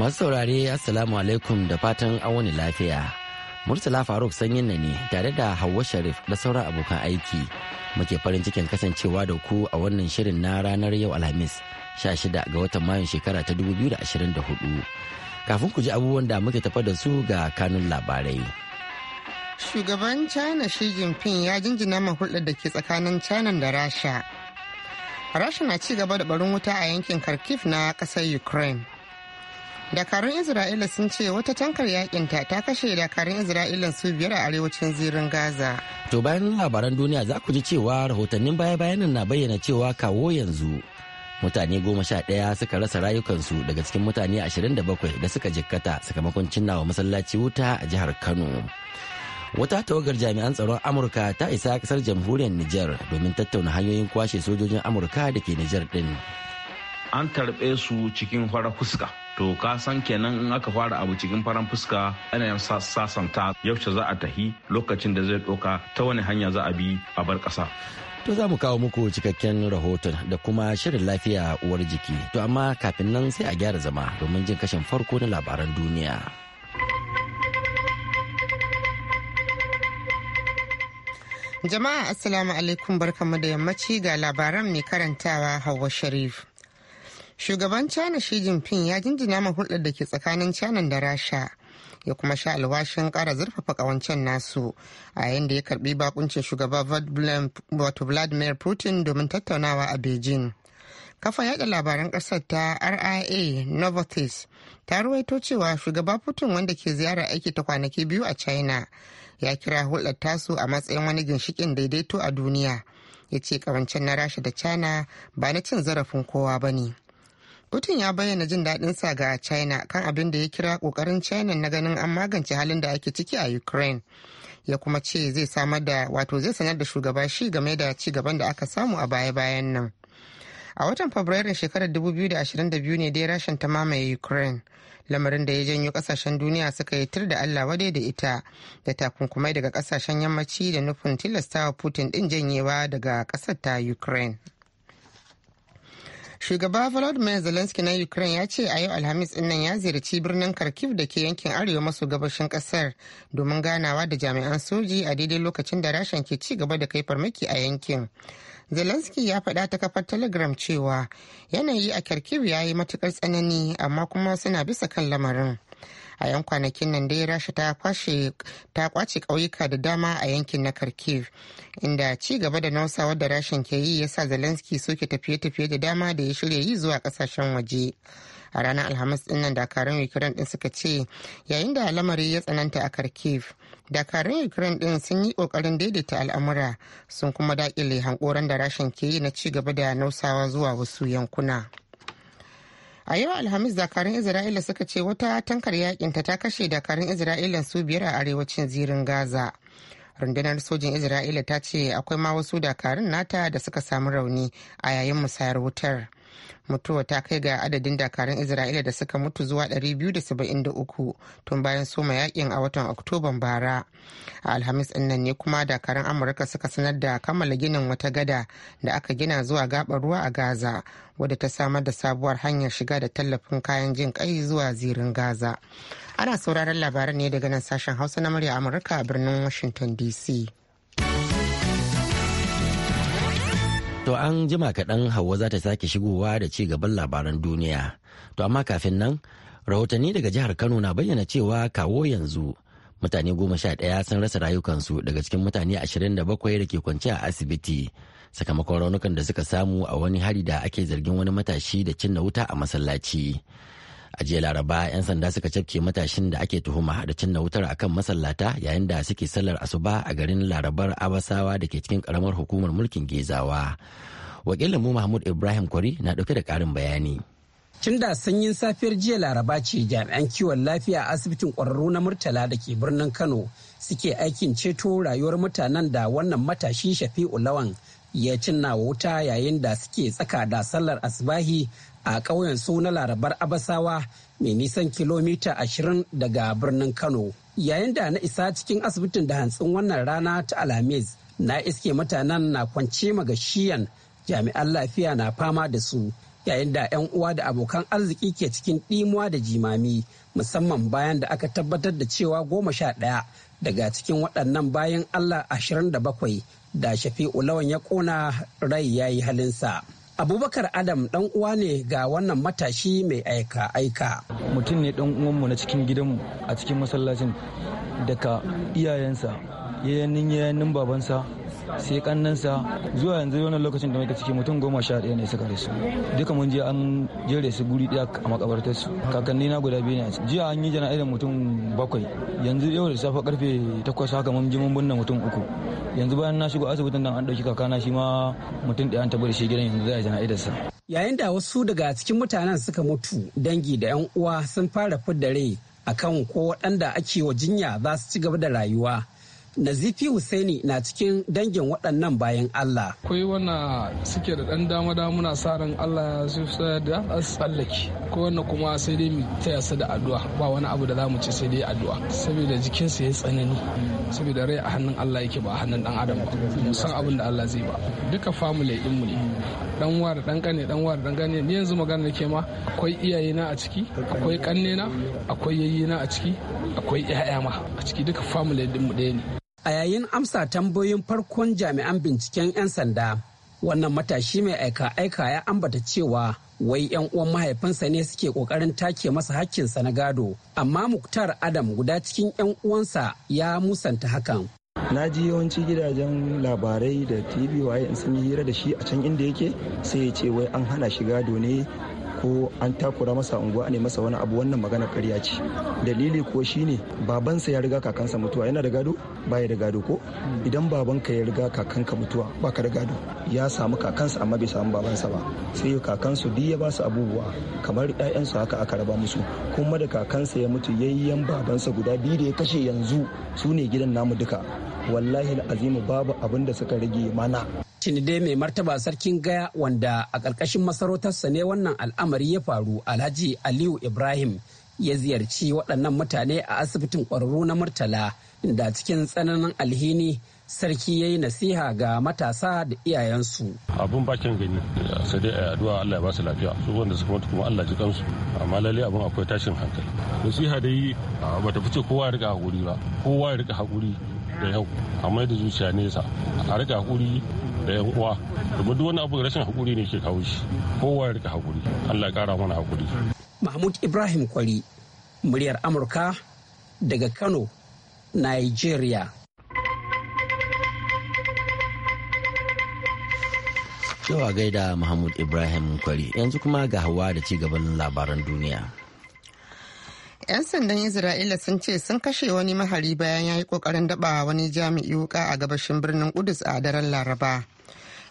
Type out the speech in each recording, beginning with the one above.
Masu saurare Assalamu alaikum da fatan an wani lafiya. Murtala Faruk sanyin na ne tare da Hauwa Sharif da sauran abokan aiki. Muke farin cikin kasancewa da ku a wannan shirin na ranar yau Alhamis 16 ga watan Mayun shekara ta 2024. Kafin ku ji abubuwan da muke tafa da su ga kanun labarai. Shugaban China Xi Jinping ya jinjina ma hulɗar da ke tsakanin China da Rasha. Rasha na ci gaba da barin wuta a yankin Kharkiv na ƙasar Ukraine. dakarun isra'ila sun ce wata tankar yakinta ta kashe dakarun isra'ila su biyar a arewacin zirin gaza to bayan labaran duniya za ku ji cewa rahotannin baya-bayan na bayyana cewa kawo yanzu mutane goma sha ɗaya suka rasa rayukansu daga cikin mutane ashirin da bakwai da suka jikkata sakamakon cinnawa masallaci wuta a jihar kano wata tawagar jami'an tsaron amurka ta isa kasar jamhuriyar nijar domin tattauna hanyoyin kwashe sojojin amurka da ke nijar ɗin. an tarbe su cikin fara fuska to ka san kenan in aka fara abu cikin faran fuska ana yin sasanta yaushe za a tahi lokacin da zai ɗauka ta wani hanya za a bi a bar ƙasa To za mu kawo muku cikakken rahoton da kuma shirin lafiya uwar jiki. To amma kafin nan sai a gyara zama domin jin kashin farko na labaran duniya. Jama'a Assalamu alaikum barkamu da yammaci ga labaran mai karantawa Hauwa Sharif. shugaban china shi jinping ya jinjina ma hulɗar da ke tsakanin china da rasha ya kuma sha alwashin ƙara zurfafa ƙawancen nasu a yayin da ya karbi bakuncin shugaba vladimir putin domin tattaunawa a beijing kafa yaɗa labaran ƙasar ta ria novartis ta ruwaito cewa shugaba putin wanda ke ziyarar aiki ta kwanaki biyu a china ya kira hulɗar tasu a matsayin wani ginshikin daidaito a duniya ya ce ƙawancen na rasha da china ba na cin zarafin kowa ba ne Putin ya bayyana jin sa ga China kan abin da ya kira ƙoƙarin China na ganin an magance halin da ake ciki a Ukraine. Ya kuma ce zai samar da wato zai sanar da shugaba shi game da ci gaban da aka samu a baya-bayan nan. A watan Fabrairu shekarar 2022 ne dai rashin ta mamaye Ukraine. lamarin da ya janyo kasashen duniya suka yi tir da Allah wadai da ita da takunkumai daga kasashen yammaci da nufin tilastawa Putin din janyewa daga ƙasar ta Ukraine. Shugaba Volodymyr Zelensky na Ukraine ya ce a yau Alhamis nan ya ziyarci birnin Kharkiv da ke yankin arewa maso gabashin kasar domin ganawa da jami'an soji a daidai lokacin da rashin ke ci gaba da kai farmaki a yankin. Zelensky ya faɗa ta kafar Telegram cewa yanayi a Kharkiv ya yi matukar tsanani amma kuma suna bisa kan lamarin. a yan kwanakin nan dai rasha ta kwashe ta kwace ƙauyuka da dama a yankin na kharkiv inda ci gaba da nausawar da rashin ke yi yasa zelensky soke tafiye-tafiye da dama da ya shirya yi zuwa kasashen waje a ranar alhamis din nan dakarun ukraine din suka ce yayin da lamari ya tsananta a kharkiv dakarun ukraine din sun yi kokarin daidaita al'amura sun kuma dakile hankoran da rashin ke yi na ci gaba da nausawa zuwa wasu yankuna a yau alhamis dakarun isra'ila suka ce wata tankar yakinta ta kashe dakarun isra'ila su biyar a arewacin zirin gaza rundunar sojin isra'ila ta ce akwai ma wasu dakarun nata da suka samu rauni a yayin musayar wutar mutuwa ta kai ga adadin dakarun isra'ila da suka mutu zuwa 273 tun bayan soma yakin a watan oktoban bara a alhamis nan ne kuma dakarun amurka suka sanar da kammala ginin wata gada da aka gina zuwa gabar ruwa a gaza wadda ta samar da sabuwar hanyar shiga da tallafin kayan jin kai zuwa zirin gaza ana sauraron labaran ne daga nan sashen hausa na murya amurka a birnin washington dc To an jima kaɗan Hauwa za ta sake shigowa da ci gaban labaran duniya. To amma kafin nan, rahotanni daga jihar Kano na bayyana cewa kawo yanzu mutane goma sha ɗaya sun rasa rayukansu daga cikin mutane ashirin da bakwai da ke kwance a asibiti sakamakon raunukan da suka samu a wani hari da ake zargin wani matashi da cinna wuta a masallaci. a jiya laraba 'yan sanda suka cafke matashin da ake tuhuma da cinna wutar akan masallata yayin da suke sallar asuba a garin larabar abasawa da ke cikin karamar hukumar mulkin gezawa wakilin mu mahmud ibrahim kwari na dauke da karin bayani tun da sanyin safiyar jiya laraba ce jami'an kiwon lafiya a asibitin kwararru na murtala da ke birnin kano suke aikin ceto rayuwar mutanen da wannan matashi shafi'u lawan ya cinna wuta yayin da suke tsaka da sallar asbahi a ƙauyen su na larabar abasawa mai nisan kilomita ashirin daga birnin kano yayin da na isa cikin asibitin da hantsin wannan rana ta alhamis na iske mutanen na kwance shiyan. jami'an lafiya na fama da su yayin da 'yan uwa da abokan arziki ke cikin ɗimuwa da jimami musamman bayan da aka tabbatar da cewa goma sha ɗaya daga cikin waɗannan bayan allah ashirin da bakwai da shafi'u lawan ya ƙona rai ya yi halinsa. abubakar adam dan uwa ne ga wannan matashi mai aika aika mutum ne dan uwanmu na cikin gidanmu a cikin masallacin daga iyayensa yayannin yayannin babansa sai kannansa zuwa yanzu wannan lokacin da muke ciki mutum goma sha ɗaya ne suka rasu duka mun je an jere su guri ɗaya a makabartar su kakanni na guda biyu ne jiya an yi jana'izar mutum bakwai yanzu yau da safe karfe takwas haka mun je mun binne mutum uku yanzu bayan na shigo asibitin nan an ɗauki kakana shi ma mutum ɗaya an tabbata shi gidan yanzu za a jana'izar sa yayin da wasu daga cikin mutanen suka mutu dangi da 'yan uwa sun fara fidda rai akan ko waɗanda ake wa jinya za su ci gaba da rayuwa Nazifi Hussaini na cikin dangin waɗannan bayan Allah. Akwai wana suke da ɗan dama damuna sa ran Allah ya su da tsallake. Kwai wana kuma sai dai mu taya su da addu'a ba wani abu da za mu ce sai dai addu'a saboda jikinsa ya tsanani saboda rai a hannun Allah yake ba a hannun ɗan adam ba mu san abin da Allah zai ba duka family ɗin mu ne dan wara da dan kane dan wa da dan ni yanzu magana nake ma akwai iyaye na a ciki akwai ƙanne na akwai yayye na a ciki akwai yaya ma a ciki duka family ɗin mu ɗaya ne A yayin amsa tambayoyin farkon jami'an binciken 'yan sanda, wannan matashi mai aika-aika ya ambata cewa wai 'yan uwan mahaifinsa ne suke kokarin take masa hakkinsa na gado, amma Muktar Adam guda cikin 'yan uwansa ya musanta hakan. na ji yawanci gidajen labarai da tv waye in sun yi hira da shi a can inda yake sai ya ce wai an hana shi gado ne ko an takura masa unguwa ne masa wani abu wannan magana karya ce dalili ko shine babansa ya riga kakansa mutuwa yana da gado baya da gado ko idan babanka ya riga kakanka mutuwa baka da gado ya samu kakansa amma bai samu babansa ba sai kakansu duk ya basu abubuwa kamar ƴaƴansu haka aka raba musu kuma da kakansa ya mutu yayyan babansa guda biyu da ya kashe yanzu su ne gidan namu duka wallahi azimu babu abin da suka rage mana Tinide mai martaba sarkin gaya wanda a ƙarƙashin masarautarsa ne wannan al'amari ya faru Alhaji Aliyu Ibrahim ya ziyarci waɗannan mutane a asibitin ƙwararru na Murtala inda cikin tsananin alhini sarki ya yi nasiha ga matasa da iyayensu. Abun bakin gani sai dai a addu'a Allah ya ba su lafiya su wanda suka mutu kuma Allah ji kansu amma lalle abun akwai tashin hankali. Nasiha dai bata fice kowa ya rika hakuri ba kowa ya rika hakuri da yau a mai da zuciya nesa a rika hakuri da yan uwa domin duk wani abu rashin hakuri ne ke kawo shi kowa ya rika hakuri Allah ya kara mana hakuri Mahmud Ibrahim Kwari muryar Amurka daga Kano Nigeria a gaida Mahmud Ibrahim Kwari yanzu kuma ga hawa da ci gaban labaran duniya. 'Yan sandan Isra'ila sun ce sun kashe wani mahari bayan ya yi kokarin daba wani jami'i wuka a gabashin birnin Kudus a daren Laraba.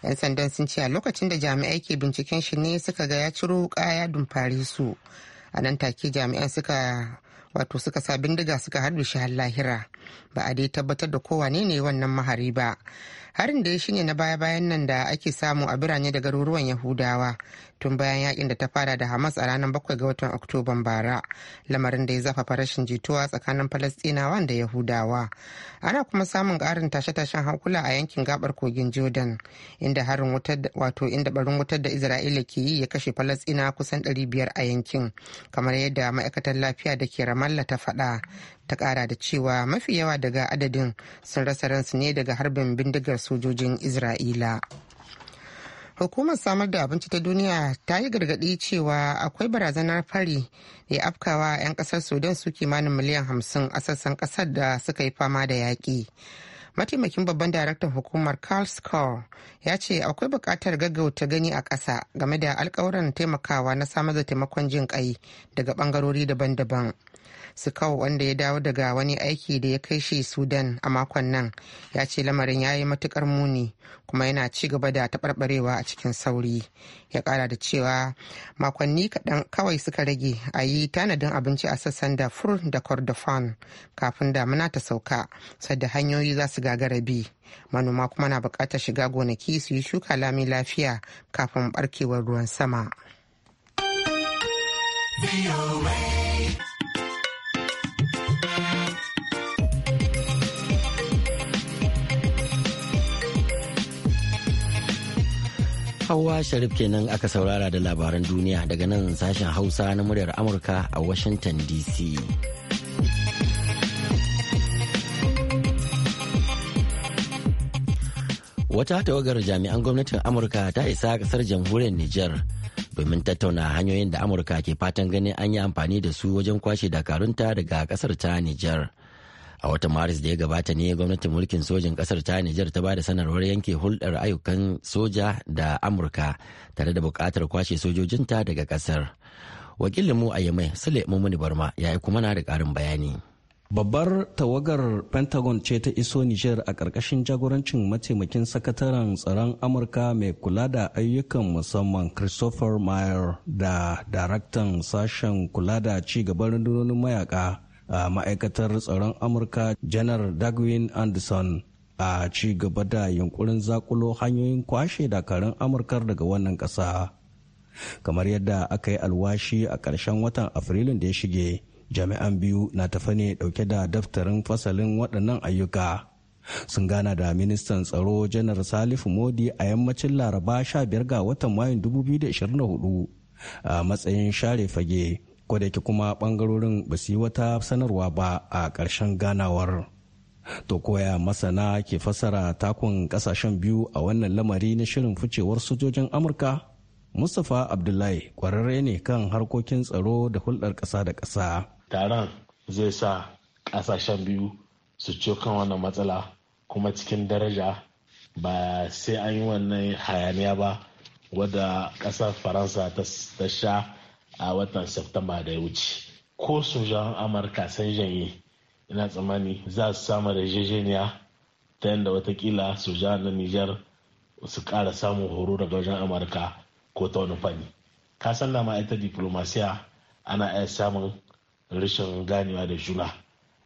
'Yan sandan sun ce a lokacin da jami'ai ke binciken shi ne suka ga ya ciro wuka ya dumfare su. A nan take jami'an suka wato suka sa bindiga suka hadu shi har lahira. Ba a dai tabbatar da kowane ne wannan mahari ba. harin da ya shine na baya-bayan nan da ake samu a birane da garuruwan yahudawa tun bayan yakin da ta fara da hamas a ranar 7 ga watan oktoban bara lamarin da ya zafafa rashin jituwa tsakanin falastinawa da yahudawa ana kuma samun karin tashe-tashen hankula a yankin gabar kogin jordan inda harin wutar wato inda barin wutar da isra'ila ke yi ya kashe falastinawa kusan 500 a yankin kamar yadda ma'aikatar lafiya da ke ramallah ta faɗa ta kara da cewa mafi yawa daga adadin sun rasa ransu ne daga harbin bindigar sojojin isra'ila hukumar samar da abinci ta duniya ta yi gargadi cewa akwai barazanar fari ya afkawa 'yan kasar sudan su kimanin miliyan hamsin a sassan kasar da suka yi fama da yaƙi mataimakin babban daraktan hukumar carl score ya ce akwai buƙatar gaggauta gani a ƙasa game da alkawuran taimakawa na samar da taimakon jin ƙai daga ɓangarori daban-daban Sukau wanda ya dawo daga wani aiki da ya kai shi Sudan a makon nan ya ce lamarin ya yi matukar muni kuma yana ci gaba da taɓarɓarewa a cikin sauri. Ya ƙara da cewa makonni kaɗan kawai suka rage a yi tanadin abinci a sassan da fur da kordofan kafin damuna ta sauka sadda hanyoyi za su gagara bi. Manoma kuma na buƙatar shiga gonaki su yi shuka lami lafiya kafin barkewar ruwan sama. Hauwa Sharif kenan aka saurara da labaran duniya daga nan sashen Hausa na muryar Amurka a Washington DC. Wata tawagar jami'an gwamnatin Amurka ta isa kasar jamhuriyar Nijar domin tattauna hanyoyin da Amurka ke fatan ganin an yi amfani da su wajen kwashe dakarunta daga kasar ta Nijar. a watan maris da ya gabata ne gwamnatin mulkin sojin kasar ta nijar ta bada sanarwar yanke hulɗar ayyukan soja da amurka tare da buƙatar kwashe sojojinta daga kasar mu a yamai sule mummuni barma ya kuma na da ƙarin bayani Babbar tawagar Pentagon ce ta iso Nijar a ƙarƙashin jagorancin mataimakin sakataren tsaron Amurka mai kula da ayyukan musamman Christopher Meyer da daraktan sashen kula da ci gaban rundunonin mayaka a ma'aikatar tsaron amurka janar dagwin anderson a ci gaba da yunkurin zakulo hanyoyin kwashe dakarun amurka daga wannan ƙasa kamar yadda aka yi alwashi a ƙarshen watan afrilun da ya shige jami'an biyu na tafa ne ɗauke da daftarin fasalin waɗannan ayyuka sun gana da ministan tsaro janar salifu modi a yammacin laraba 15 ga watan mayun 2024 a matsayin share fage kodayake kuma bangarorin ba su yi wata sanarwa ba a ƙarshen ganawar to koya masana ke fasara takun kasashen biyu a wannan lamari na shirin ficewar sojojin amurka mustapha abdullahi kwararre ne kan harkokin tsaro da hulɗar ƙasa da ƙasa taron zai sa ƙasashen biyu su ciyo kan wannan matsala kuma cikin daraja ba sai an yi wannan hayaniya ba wadda ƙasar faransa ta sha a watan Septemba da ya wuce. Ko sojan Amurka san janye ina tsammani za su samu da yarjejeniya ta yadda watakila sojan na Nijar su kara samun horo daga wajen Amurka ko ta wani fanni. Ka san da ita diplomasiya ana iya samun rashin ganewa da juna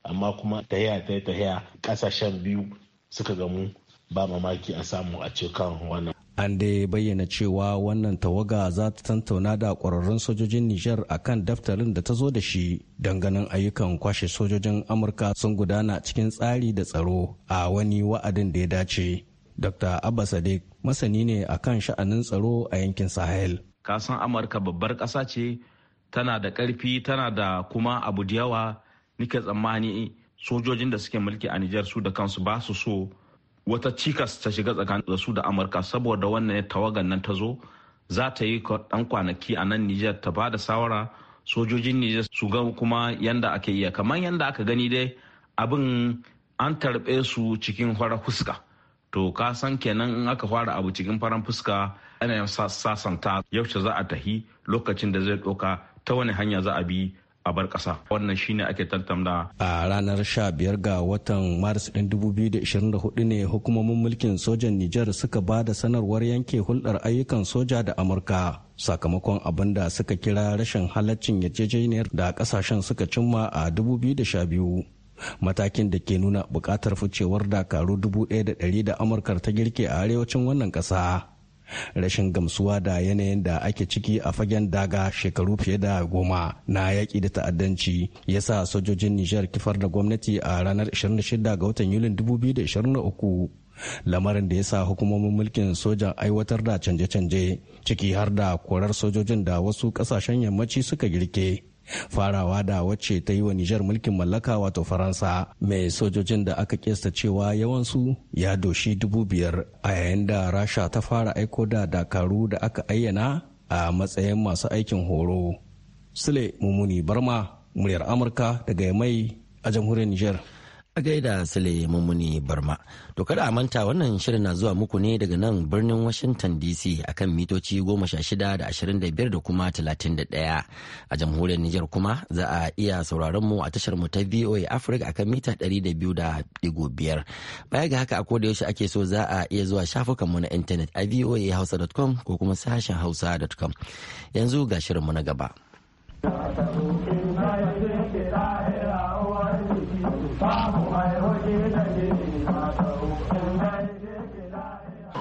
amma kuma ta yi ta yi ƙasashen biyu suka gamu ba mamaki a samu a cikin wannan an dai bayyana cewa wannan tawaga za ta tantauna da kwararrun sojojin nijar a kan daftarin da ta zo da shi danganin ayyukan kwashe sojojin amurka sun gudana cikin tsari da tsaro a wani wa'adin da ya dace dr abba sadiq masani ne a kan sha'anin tsaro a yankin sahel kasan amurka babbar ƙasa ce tana da ƙarfi tana da kuma abu da yawa nike tsammani sojojin da suke mulki a nijar su da kansu ba su so wata cikas ta shiga tsakanin da da amurka saboda wannan tawagan nan ta zo za ta yi dan kwanaki a nan nijar ta ba da sawara sojojin nijar su ga kuma yanda ake iya kamar yanda aka gani dai abin an tarbe su cikin fara fuska to ka san kenan in aka fara abu cikin faran fuska ana sasanta yaushe za a tahi lokacin da zai ɗauka ta wani hanya za a bi a bar kasa wannan shine ake tantamna a ranar 15 ga watan maris ɗin 2024 ne hukumomin mulkin sojan Nijar suka ba da sanarwar yanke hulɗar ayyukan soja da Amurka sakamakon abin da suka kira rashin halaccin yarjejeniyar da kasashen suka cimma a 2012 matakin da ke nuna bukatar ficewar dakaru 1,100 da amurkar ta girke a arewacin wannan ƙasa. rashin gamsuwa da yanayin da ake ciki a fagen daga shekaru fiye da goma na yaƙi da ta'addanci ya sa sojojin nijar kifar da gwamnati a ranar 26 ga watan yulin 2023 lamarin da ya sa hukumomin mulkin sojan aiwatar da canje-canje ciki har da korar sojojin da wasu kasashen yammaci suka girke farawa da wacce ta yi wa Nijar mulkin mallaka wato Faransa mai sojojin da aka kesta cewa yawansu ya doshi dubu biyar a yayin da Rasha ta fara aiko da dakaru da aka ayyana a matsayin masu aikin horo. Sule Mumuni Barma, muryar Amurka daga mai a jamhuriyar Nijar. a gaida sule mummuni barma to kada a manta wannan shirin na zuwa muku ne daga nan birnin washington dc akan mitoci 16 da 25 da kuma 31 a jamhuriyar niger kuma za a iya sauraron mu a tashar mu ta voa africa akan mita 200.5 baya ga haka a koda yaushe ake so za a iya zuwa shafukan mu na intanet a voahausa.com ko kuma sashen hausa.com yanzu ga shirin mu na gaba 大步迈，我走在前。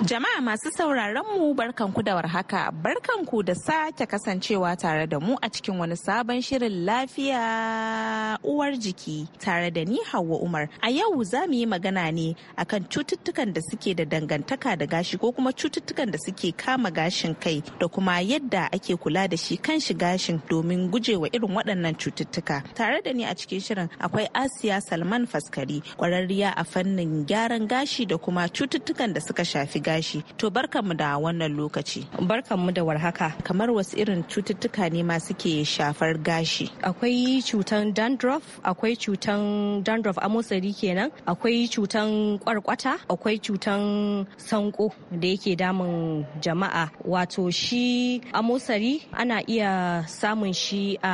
Jama'a masu sauraron mu barkanku da warhaka, barkanku da sake kasancewa tare da mu a cikin wani sabon shirin lafiya uwar jiki tare da ni Hauwa Umar. A yau za mu yi magana ne akan cututtukan da suke da dangantaka da gashi ko kuma cututtukan da suke kama gashin kai da kuma yadda ake kula da shi kan shi gashin domin gujewa irin waɗannan cututtuka. Tare da ni a cikin shirin akwai Asiya Salman Faskari, ƙwararriya a fannin gyaran gashi da kuma cututtukan da suka shafi gashi. tashi to barkanmu da wannan lokaci barkanmu da warhaka kamar wasu irin cututtuka ne ma suke shafar gashi akwai cutan dandruff akwai cutan dandruff amosari kenan akwai cutan kwarkwata akwai cutan sanko da yake damun jama'a wato shi amosari ana iya samun shi a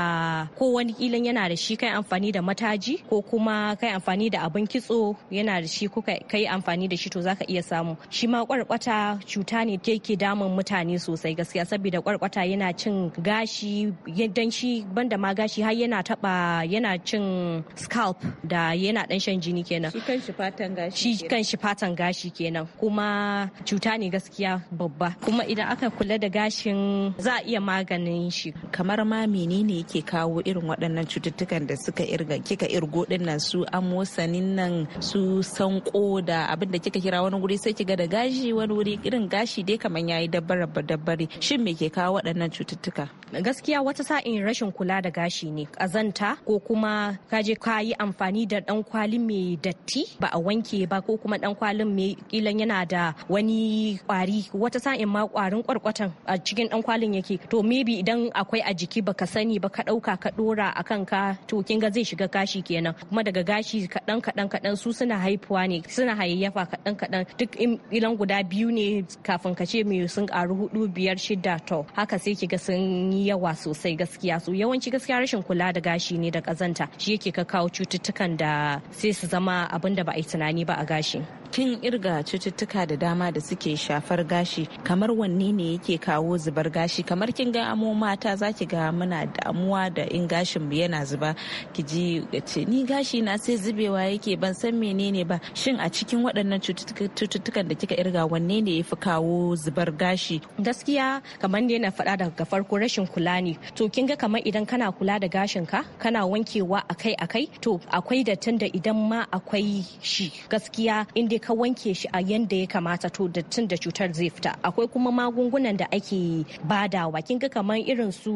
ko wani kilan yana da shi kai amfani da mataji ko kuma kai amfani da abin kitso yana da shi ko kai amfani da shi to zaka iya samu shi ma kwarkwata cuta ne da yake damun mutane sosai gaskiya saboda kwarkwata yana cin gashi dan shi banda ma gashi har yana taba yana cin scalp da yana dan shan jini kenan shi kan shi fatan gashi shi kan shi fatan gashi kenan kuma cuta ne gaskiya babba kuma idan aka kula da gashin za a iya maganin shi kamar ma menene yake kawo irin waɗannan cututtukan da suka irga kika irgo dinnan su amosanin nan su sanko da abinda kika kira wani guri sai kiga da gashi wani wuri irin gashi dai kamar yayi dabbare dabbare shin me ke kawo waɗannan cututtuka gaskiya wata sa'in rashin kula da gashi ne kazanta ko kuma kaje ka yi amfani da dan kwali mai datti ba a wanke ba ko kuma dan kwalin mai kilan yana da wani kwari wata sa'in ma kwarin kwarkwatan a cikin dan kwalin yake to maybe idan akwai a jiki baka sani ba ka dauka ka dora a ka to kin ga zai shiga gashi kenan kuma daga gashi kadan kadan kadan su suna haifuwa ne suna hayayyafa kadan kadan duk ilan guda biyu ne kafin ka ce mai sun karu hudu biyar shida to haka sai kiga sun yi yawa sosai gaskiya su yawanci gaskiya rashin kula da gashi ne da kazanta shi yake ka kawo cututtukan da sai su zama abin da ba a yi tunani ba a gashi kin irga cututtuka da dama da suke shafar gashi kamar wanne ne yake kawo zubar gashi kamar kin ga amo mata za ki ga muna damuwa da in gashin mu yana zuba ki ji ce ni gashi na sai zubewa yake ban san menene ba shin a cikin waɗannan cututtukan da kika irga wanne ne yafi kawo zubar gashi gaskiya kamar ne na faɗa daga farko rashin kula ne to kin ga kamar idan kana kula da gashin ka kana wankewa akai-akai to akwai da tunda idan ma akwai shi gaskiya inda ka wanke shi a yanda ya kamata to dattin da cutar zai fita akwai kuma magungunan da ake badawa kin ga kamar irin su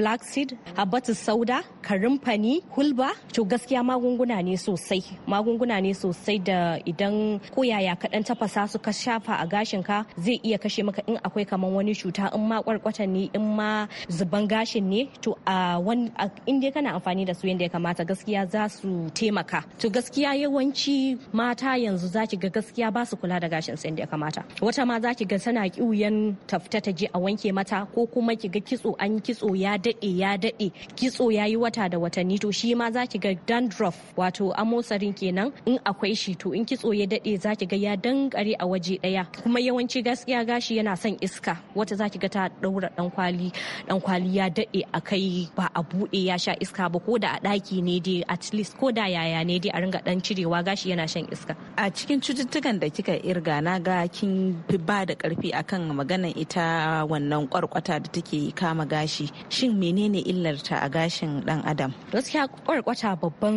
black seed habbatus sauda karimfani hulba to gaskiya magunguna ne sosai magunguna ne sosai da idan ko koyaya kaɗan tafasa su ka shafa a gashin ka zai iya kashe maka in akwai kamar wani cuta in ma kwarkwata ne in ma zuban gashin ne to a wani in dai kana amfani da su yanda ya kamata gaskiya za su taimaka to gaskiya yawanci mata yanzu za ki ga gaskiya ba su kula da gashin sa da ya kamata wata ma za ki ga tana kiwuyan tafta ta je a wanke mata ko kuma ki ga kitso an kitso ya dade ya dade kitso yayi wata da watanni to shi ma za ki ga dandruff wato amosarin kenan in akwai shi to in kitso ya dade za ki ga ya dankare a waje daya kuma yawanci gaskiya gashi yana son iska wata za ki ga ta daura dan kwali dan kwali ya dade a kai ba a bude ya sha iska ba ko da a daki ne dai at least ko da yaya ne dai a ringa dan cirewa gashi yana shan iska a cikin cututtukan da kika irga na ga kin fi ba da karfi akan maganan ita wannan kwarkwata da take kama gashi shin menene illarta a gashin dan adam gaskiya kwarkwata babban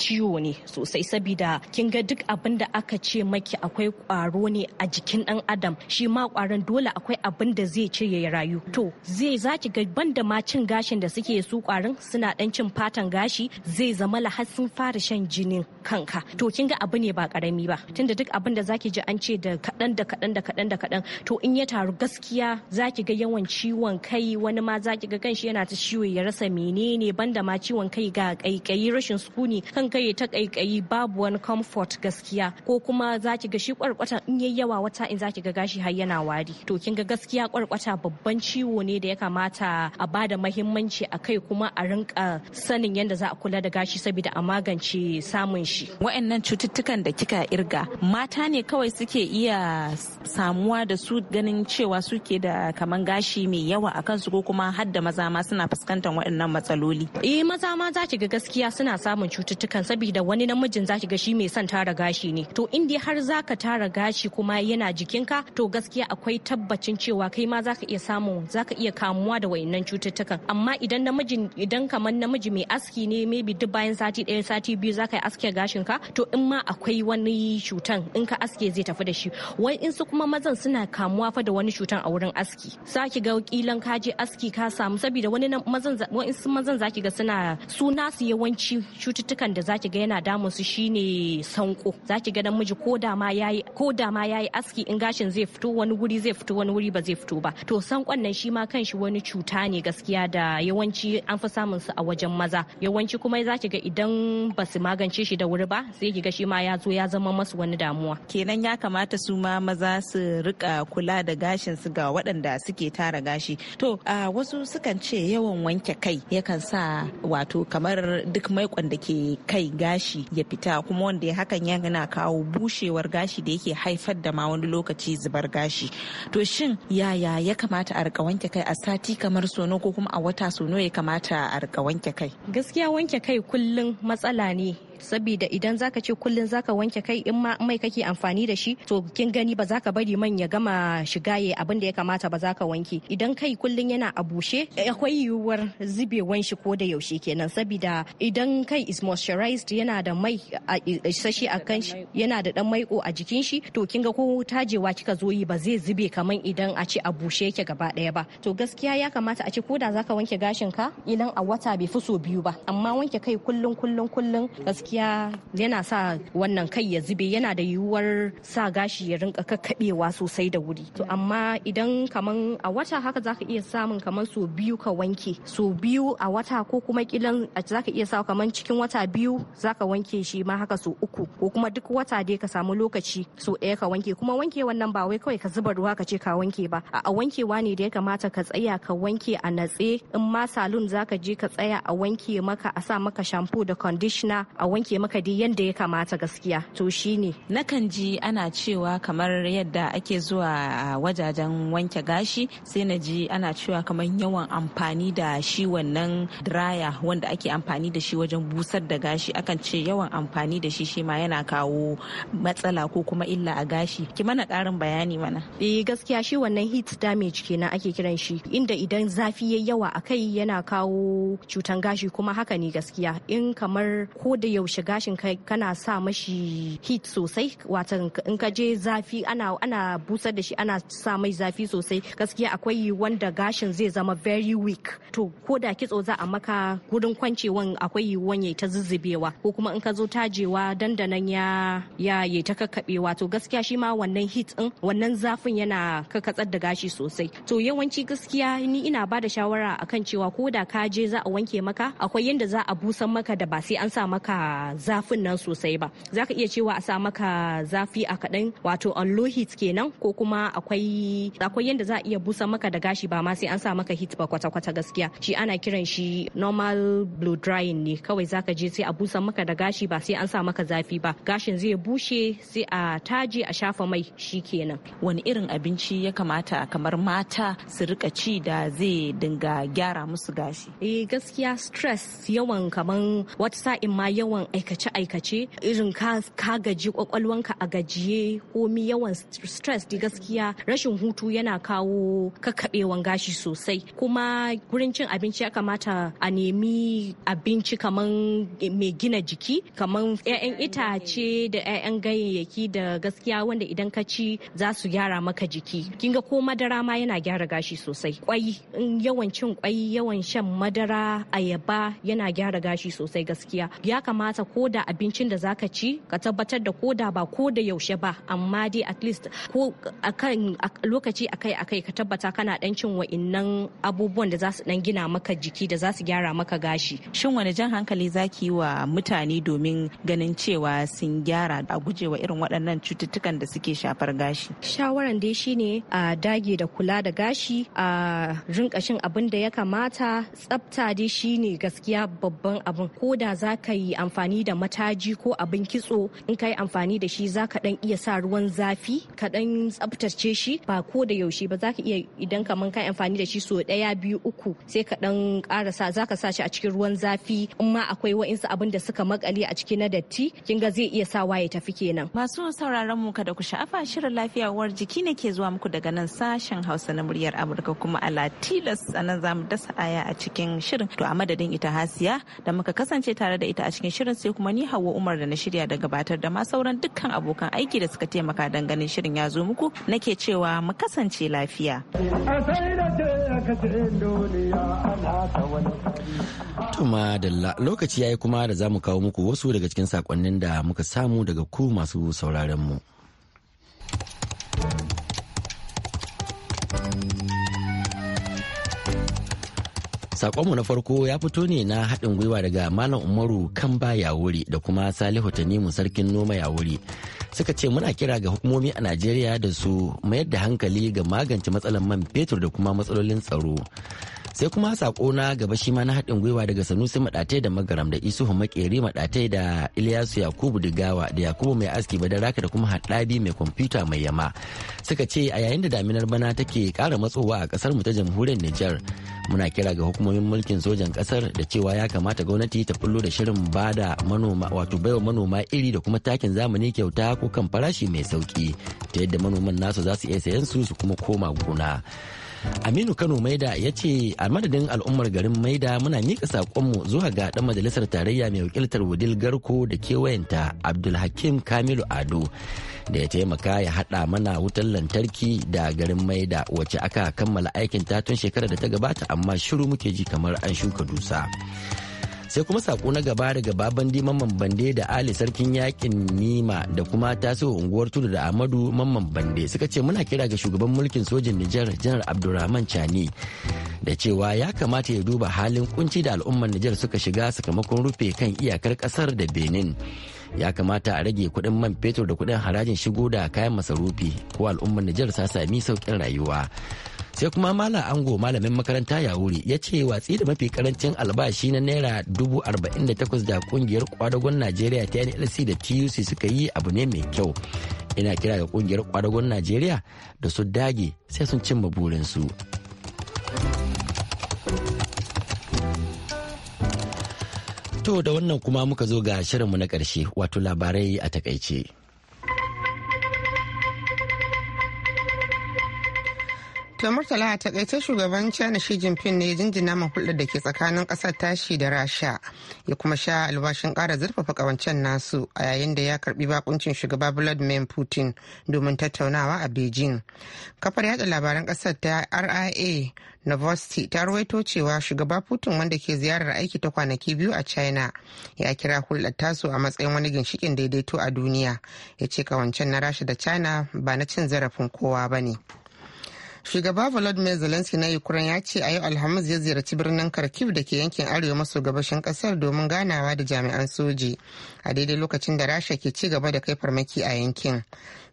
ciwo ne sosai sabida kin ga duk abin da aka ce maki akwai kwaro ne a jikin dan adam shi ma kwaron dole akwai abin da zai ce ya rayu to zai zaki ga banda ma cin gashin da suke su kwarin suna dan cin fatan gashi zai zama lahar sun fara shan jinin kanka to kin ga abu ne ba karami ba tun da duk abin da zaki ji an ce da kaɗan da kaɗan da kaɗan da kaɗan to in ya taru gaskiya zaki ga yawan ciwon kai wani ma zaki ga kanshi yana ta ciwo ya rasa menene banda ma ciwon kai ga kaikayi rashin sukuni kan kai ta kaikayi babu wani comfort gaskiya ko kuma zaki ga shi kwarkwata in yayi yawa wata in zaki ga gashi har yana wari to kin ga gaskiya kwarkwata babban ciwo ne da ya kamata a bada mahimmanci a kai kuma a rinka sanin yadda za a kula da gashi saboda a magance samun shi wa'annan cututtukan da kika irga mata ne kawai suke iya samuwa da su ganin cewa suke da kaman gashi mai yawa a kansu ko kuma har da maza ma suna fuskantar waɗannan matsaloli. Eh maza ma za ki ga gaskiya suna samun cututtukan saboda wani namijin za ki ga shi mai son tara gashi ne. To in dai har za ka tara gashi kuma yana jikinka to gaskiya akwai tabbacin cewa kai ma za ka iya samun za ka iya kamuwa da waɗannan cututtukan. Amma idan namijin idan kaman namiji mai aski ne maybe duk bayan sati ɗaya sati biyu za ka yi aske gashinka to in ma akwai wani cuta cutan in ka aske zai tafi da shi wai in su kuma mazan suna kamuwa fa da wani cutan a wurin aski saki ga kilan ka je aski ka samu saboda wani mazan wai su mazan zaki ga suna su nasu yawanci cututtukan da zaki ga yana damun su shine sanko zaki ga namiji ko da ma yayi ko da ma yayi aski in gashin zai fito wani wuri zai fito wani wuri ba zai fito ba to sankon nan shi ma kanshi wani cuta ne gaskiya da yawanci an fi samun su a wajen maza yawanci kuma zaki ga idan ba su magance shi da wuri ba sai ki ga shi ma ya zo ya zama masu wani wani damuwa kenan ya kamata su ma maza su rika kula da gashin su ga waɗanda suke tara gashi to a wasu sukan ce yawan wanke kai yakan sa wato kamar duk maikon da ke kai gashi ya fita kuma wanda ya hakan yana kawo bushewar gashi da yake haifar da ma wani lokaci zubar gashi to shin yaya ya kamata a rika wanke kai a sati kamar sono ko kuma a wata sono ya kamata a rika wanke kai gaskiya wanke kai kullum matsala ne saboda idan zaka ce kullun zaka wanke kai in ma mai kake amfani da shi to kin gani ba zaka bari man ya gama shiga ya abin da ya kamata ba zaka wanke idan kai kullun yana a bushe akwai yiwuwar zubewan shi ko da yaushe kenan saboda idan kai is moisturized yana da mai isasshe a kan shi yana da dan maiko a jikin shi to kin ga ko tajewa kika zo yi ba zai zube kaman idan a ce a bushe yake gaba daya ba to gaskiya ya kamata a ce ko da zaka wanke gashin ka idan a wata bai fi so biyu ba amma wanke kai kullun kullun kullun gaskiya gaskiya yana sa wannan kai ya zube yana da yiwuwar sa gashi ya rinka kakkaɓewa sosai da wuri to amma idan kaman a wata haka zaka iya samun kaman so biyu ka wanke so biyu a wata ko kuma kilan zaka iya sa kaman cikin wata biyu zaka wanke shi ma haka so uku ko kuma duk wata dai ka samu lokaci so ɗaya ka wanke kuma wanke wannan ba wai kawai ka zuba ruwa ka ce ka wanke ba a wankewa ne da ya kamata ka tsaya ka wanke a natse in ma salon zaka je ka tsaya a wanke maka a sa maka shampoo da conditioner a wanke maka dai yadda ya kamata gaskiya to shine nakan ji ana cewa kamar yadda ake zuwa wajajen wanke gashi sai na ji ana cewa kamar yawan amfani da shi wannan draya wanda ake amfani da shi wajen busar da gashi akan ce yawan amfani da shi shi ma yana kawo matsala ko kuma illa a gashi ki mana karin bayani mana eh gaskiya shi wannan heat damage kenan ake kiran shi inda idan zafi yayi yawa akai yana kawo cutan gashi kuma haka ne gaskiya in kamar ko da yau yaushe gashin kai kana sa mashi heat sosai watan in ka je zafi ana ana busar da shi ana sa mai zafi sosai gaskiya akwai wanda gashin zai zama very weak to ko da kitso za a maka gurin kwancewan akwai yiwuwan ya ta zuzubewa ko kuma in ka zo tajewa dandanan ya ya ya ta kakkabe to gaskiya shi ma wannan heat din wannan zafin yana kakatsar da gashi sosai to yawanci gaskiya ni ina ba da shawara akan cewa ko da ka je za a wanke maka akwai yanda za a busan maka da ba sai an sa maka zafin nan sosai ba za ka iya cewa a sa maka zafi a kaɗan wato on low heat kenan ko kuma akwai akwai yadda za a iya busa maka da gashi ba ma sai an sa maka heat ba kwata-kwata gaskiya shi ana kiran shi normal blow drying ne kawai za ka je sai a busa maka da gashi ba sai an sa maka zafi ba gashin zai bushe sai a taje a shafa mai shi kenan wani irin abinci ya kamata kamar mata su rika ci da zai dinga gyara musu gashi eh gaskiya stress yawan kaman wata sa'in ma yawan aikace-aikace irin ka gaji kwakwalwanka a gajiye komi yawan stress di gaskiya rashin hutu yana kawo kakkaɓewan gashi sosai kuma gurin cin abinci ya kamata a nemi abinci kamar mai gina jiki kamar 'ya'yan itace da 'ya'yan ganyayyaki da gaskiya wanda idan ka ci za su gyara maka jiki kinga ko madara ma yana gyara gashi sosai kwai yawan cin kwai yawan shan madara ayaba yana gyara gashi sosai gaskiya ya kamata kamata ko da abincin da zaka ci ka tabbatar da ko da ba ko da yaushe ba amma dai at least ko akan lokaci akai akai ka tabbata kana dan cin wa'innan abubuwan da za su dan gina maka jiki da za su gyara maka gashi shin wani jan hankali zaki yi wa mutane domin ganin cewa sun gyara a gujewa irin waɗannan cututtukan da suke shafar gashi shawaran dai shine a dage da kula da gashi a rinka shin abin da ya kamata tsafta dai shine gaskiya babban abin ko da za ka yi amfani amfani da mataji ko abin kitso in ka yi amfani da shi za ka dan iya sa ruwan zafi ka dan tsabtace shi ba ko da yaushe ba za ka iya idan ka man ka amfani da shi so ɗaya biyu uku sai ka dan ƙara sa za ka sa shi a cikin ruwan zafi in ma akwai wa'insu abin da suka makale a ciki na datti kin ga zai iya sawa ya tafi kenan. Masu sauraron mu kada ku sha'afa shirin lafiya uwar jiki ne ke zuwa muku daga nan sashen Hausa na muryar Amurka kuma a tilas anan nan za mu dasa aya a cikin shirin to a madadin ita Hasiya da muka kasance tare da ita a cikin shirin shirin sai kuma ni hawa Umar da na shirya da gabatar da ma sauran dukkan abokan aiki da suka taimaka don ganin shirin ya zo muku nake cewa mu kasance lafiya. Tuma da lokaci ya yi kuma da za mu kawo muku wasu daga cikin saƙonnin da muka samu daga ku masu sauraron mu. Sakonmu na farko ya fito ne na haɗin gwiwa daga Malam Umaru Kamba Yawuri da kuma Salihu Tanimu Sarkin Noma Yawuri. Suka ce muna kira ga hukumomi a Najeriya da su mayar da hankali ga magance matsalar man fetur da kuma matsalolin tsaro. sai kuma sako na gaba shi ma na haɗin gwiwa daga sanusi maɗate da magaram da isuhu makeri maɗate da iliyasu yakubu digawa da yakubu mai aski badaraka da kuma haɗabi mai kwamfuta mai yama suka ce a yayin da daminar bana take ƙara matsowa a ƙasar mu ta jamhuriyar nijar muna kira ga hukumomin mulkin sojan ƙasar da cewa ya kamata gwamnati ta fullo da shirin bada manoma wato baiwa manoma iri da kuma takin zamani kyauta ko kan farashi mai sauki ta yadda manoman nasu za su iya sayan su su kuma koma gona aminu kano maida ya ce a madadin al'ummar garin maida muna mika saƙonmu zuwa ga ɗan majalisar tarayya mai wakiltar wudil garko da kewayenta abdulhakim kamilu ado da ya taimaka ya haɗa mana wutar lantarki da garin maida wacce aka kammala aikin ta tun shekarar da ta gabata amma shiru muke ji kamar an shuka dusa. sai kuma sako na gaba daga baban diman bande da ali sarkin yakin nima da kuma taso unguwar tudu da amadu mamman bande suka ce muna kira ga shugaban mulkin sojin nijar janar abdulrahman chani da cewa ya kamata ya duba halin kunci da al'ummar nijar suka shiga sakamakon rufe kan iyakar kasar da benin ya kamata a rage kudin man fetur da kudin harajin shigo da kayan masarufi ko al'ummar nijar sa sami saukin rayuwa sai kuma mala ango malamin makaranta ya wuri ya ce watsi da mafi karancin albashi na naira dubu arba'in da takwas da kungiyar kwadagon najeriya ta nlc da tuc suka yi abu ne mai kyau ina kira ga kungiyar kwadagon najeriya da su dage sai sun cimma burinsu to da wannan kuma muka zo ga shirinmu na karshe wato labarai a takaice. To Murtala a takaice shugaban China Xi Jinping ne jinjina ma hulɗar da ke tsakanin ƙasar tashi da Rasha ya kuma sha albashin ƙara zurfafa ƙawancen nasu a yayin da ya karbi bakuncin shugaba Vladimir Putin domin tattaunawa a Beijing. Kafar yada labaran ƙasar ta RIA Novosti ta ruwaito cewa shugaba Putin wanda ke ziyarar aiki ta kwanaki biyu a China ya kira hulɗar tasu a matsayin wani ginshikin daidaito a duniya ya ce ƙawancen na Rasha da China ba na cin zarafin kowa ba ne. Shugaba Volodymyr Zelensky na Ukraine ya ce a yau Alhamis ya ziyarci birnin Kharkiv da ke yankin arewa maso gabashin kasar domin ganawa da jami'an soji a daidai lokacin da Rasha ke ci gaba da kai farmaki a yankin.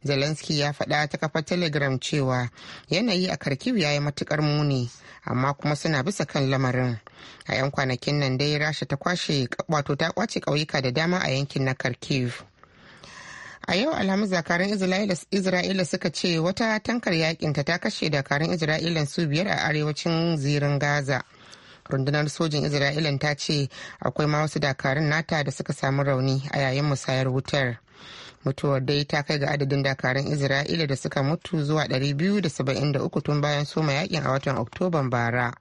Zelensky ya faɗa ta kafar Telegram cewa yanayi a Kharkiv ya yi matukar muni amma kuma suna bisa kan lamarin. A 'yan kwanakin nan dai Rasha ta kwashe wato ta kwace ƙauyuka da dama a yankin na Kharkiv. a yau alhamis dakarun isra'ila suka ce wata tankar yakinta ta kashe dakarun isra'ila su biyar a arewacin zirin gaza rundunar sojin isra'ila ta ce akwai ma wasu dakarun nata da suka samu rauni a yayin musayar wutar mutuwar dai ta kai ga adadin dakarun isra'ila da suka mutu zuwa 273 tun bayan soma yakin a watan oktoban bara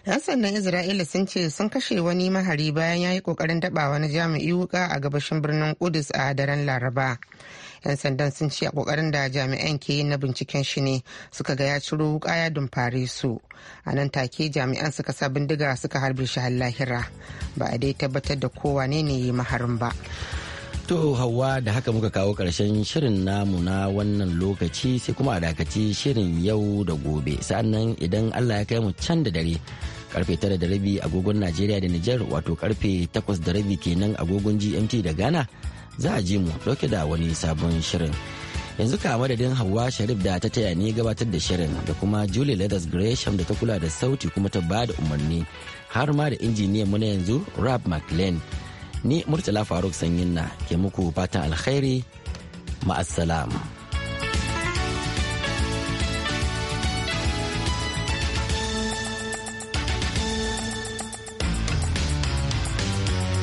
'Yan sandan Isra'ila sun ce sun kashe wani mahari bayan ya yi kokarin daba wani jami'i wuka a gabashin birnin Kudus a daren Laraba. 'Yan sandan sun ce a kokarin da jami'an ke yi na binciken shi ne suka ga ya ciro wuka ya dumfare su. A nan take jami'an suka sa bindiga suka harbe shi har lahira. Ba a dai tabbatar da kowa ne ne yi maharin ba. To hawa da haka muka kawo karshen shirin namu na wannan lokaci sai kuma a dakaci shirin yau da gobe sa'annan idan Allah ya kai mu can da dare karfe tara da rabi agogon Najeriya da Nijar wato karfe takwas da rabi kenan agogon GMT da Ghana za a je mu dauke da wani sabon shirin. Yanzu ka madadin Hauwa Sharif da ta taya ni gabatar da shirin da kuma Julie Leathers Gresham da ta kula da sauti kuma ta ba da umarni har ma da injiniyan mu na yanzu Rab McLean. ni murtala faruk sanyin na ke muku fatan alkhairi ma'assalam.